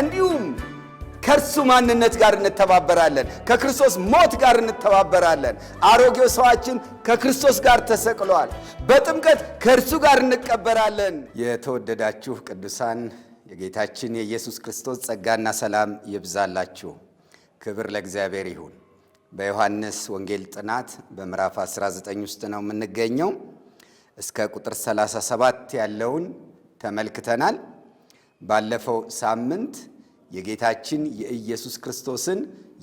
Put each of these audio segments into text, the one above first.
እንዲሁም ከእርሱ ማንነት ጋር እንተባበራለን። ከክርስቶስ ሞት ጋር እንተባበራለን። አሮጌው ሰዋችን ከክርስቶስ ጋር ተሰቅሏል። በጥምቀት ከእርሱ ጋር እንቀበራለን። የተወደዳችሁ ቅዱሳን የጌታችን የኢየሱስ ክርስቶስ ጸጋና ሰላም ይብዛላችሁ። ክብር ለእግዚአብሔር ይሁን። በዮሐንስ ወንጌል ጥናት በምዕራፍ 19 ውስጥ ነው የምንገኘው። እስከ ቁጥር 37 ያለውን ተመልክተናል። ባለፈው ሳምንት የጌታችን የኢየሱስ ክርስቶስን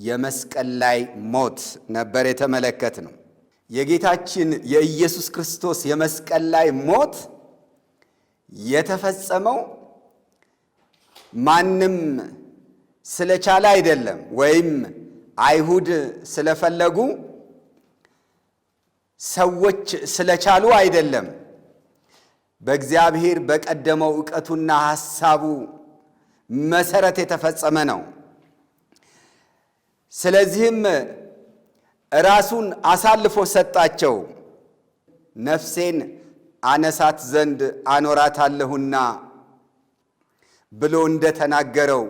የመስቀል ላይ ሞት ነበር የተመለከት ነው። የጌታችን የኢየሱስ ክርስቶስ የመስቀል ላይ ሞት የተፈጸመው ማንም ስለቻለ አይደለም፣ ወይም አይሁድ ስለፈለጉ ሰዎች ስለቻሉ አይደለም። በእግዚአብሔር በቀደመው ዕውቀቱና ሐሳቡ መሰረት የተፈጸመ ነው። ስለዚህም ራሱን አሳልፎ ሰጣቸው። ነፍሴን አነሳት ዘንድ አኖራታለሁና ብሎ እንደተናገረው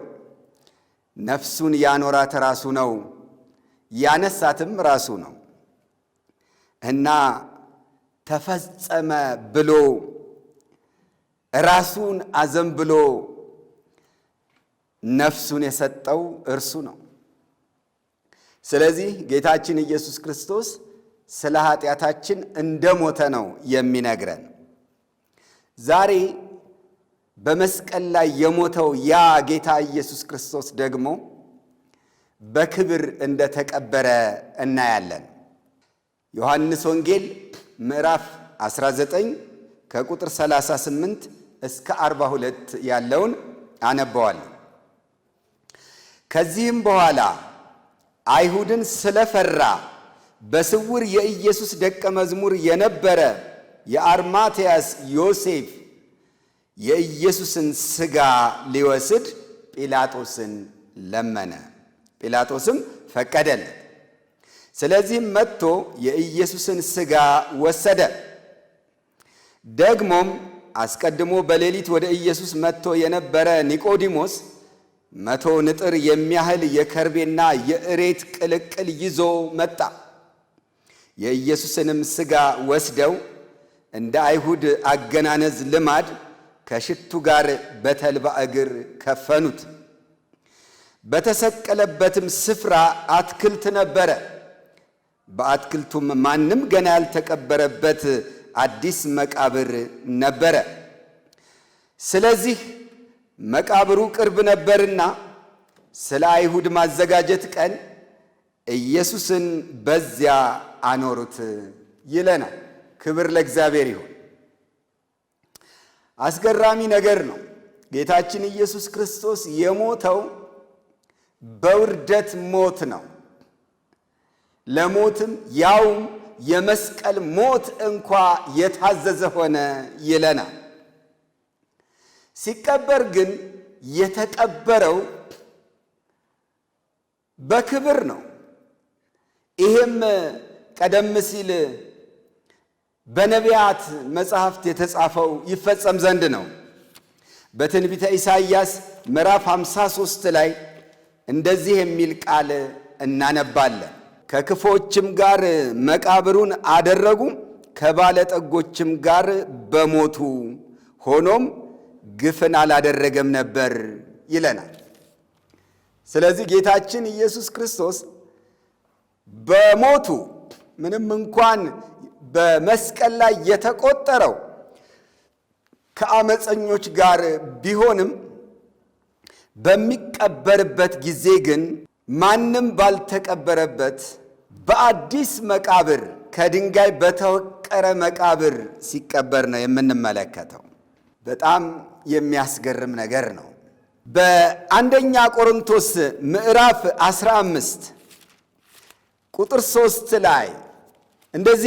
ነፍሱን ያኖራት ራሱ ነው፣ ያነሳትም ራሱ ነው እና ተፈጸመ ብሎ ራሱን አዘንብሎ ነፍሱን የሰጠው እርሱ ነው። ስለዚህ ጌታችን ኢየሱስ ክርስቶስ ስለ ኃጢአታችን እንደ ሞተ ነው የሚነግረን። ዛሬ በመስቀል ላይ የሞተው ያ ጌታ ኢየሱስ ክርስቶስ ደግሞ በክብር እንደተቀበረ እናያለን። ዮሐንስ ወንጌል ምዕራፍ 19 ከቁጥር 38 እስከ 42 ያለውን አነበዋል። ከዚህም በኋላ አይሁድን ስለፈራ በስውር የኢየሱስ ደቀ መዝሙር የነበረ የአርማትያስ ዮሴፍ የኢየሱስን ሥጋ ሊወስድ ጲላጦስን ለመነ። ጲላጦስም ፈቀደለት። ስለዚህም መጥቶ የኢየሱስን ሥጋ ወሰደ። ደግሞም አስቀድሞ በሌሊት ወደ ኢየሱስ መጥቶ የነበረ ኒቆዲሞስ መቶ ንጥር የሚያህል የከርቤና የእሬት ቅልቅል ይዞ መጣ። የኢየሱስንም ሥጋ ወስደው እንደ አይሁድ አገናነዝ ልማድ ከሽቱ ጋር በተልባ እግር ከፈኑት። በተሰቀለበትም ስፍራ አትክልት ነበረ። በአትክልቱም ማንም ገና ያልተቀበረበት አዲስ መቃብር ነበረ። ስለዚህ መቃብሩ ቅርብ ነበርና ስለ አይሁድ ማዘጋጀት ቀን ኢየሱስን በዚያ አኖሩት ይለናል። ክብር ለእግዚአብሔር ይሁን። አስገራሚ ነገር ነው። ጌታችን ኢየሱስ ክርስቶስ የሞተው በውርደት ሞት ነው። ለሞትም ያውም የመስቀል ሞት እንኳ የታዘዘ ሆነ ይለናል። ሲቀበር ግን የተቀበረው በክብር ነው። ይሄም ቀደም ሲል በነቢያት መጽሐፍት የተጻፈው ይፈጸም ዘንድ ነው። በትንቢተ ኢሳይያስ ምዕራፍ 53 ላይ እንደዚህ የሚል ቃል እናነባለን። ከክፎችም ጋር መቃብሩን አደረጉ፣ ከባለጠጎችም ጋር በሞቱ ሆኖም ግፍን አላደረገም ነበር ይለናል። ስለዚህ ጌታችን ኢየሱስ ክርስቶስ በሞቱ ምንም እንኳን በመስቀል ላይ የተቆጠረው ከአመፀኞች ጋር ቢሆንም በሚቀበርበት ጊዜ ግን ማንም ባልተቀበረበት በአዲስ መቃብር ከድንጋይ በተወቀረ መቃብር ሲቀበር ነው የምንመለከተው። በጣም የሚያስገርም ነገር ነው። በአንደኛ ቆሮንቶስ ምዕራፍ 15 ቁጥር 3 ላይ እንደዚህ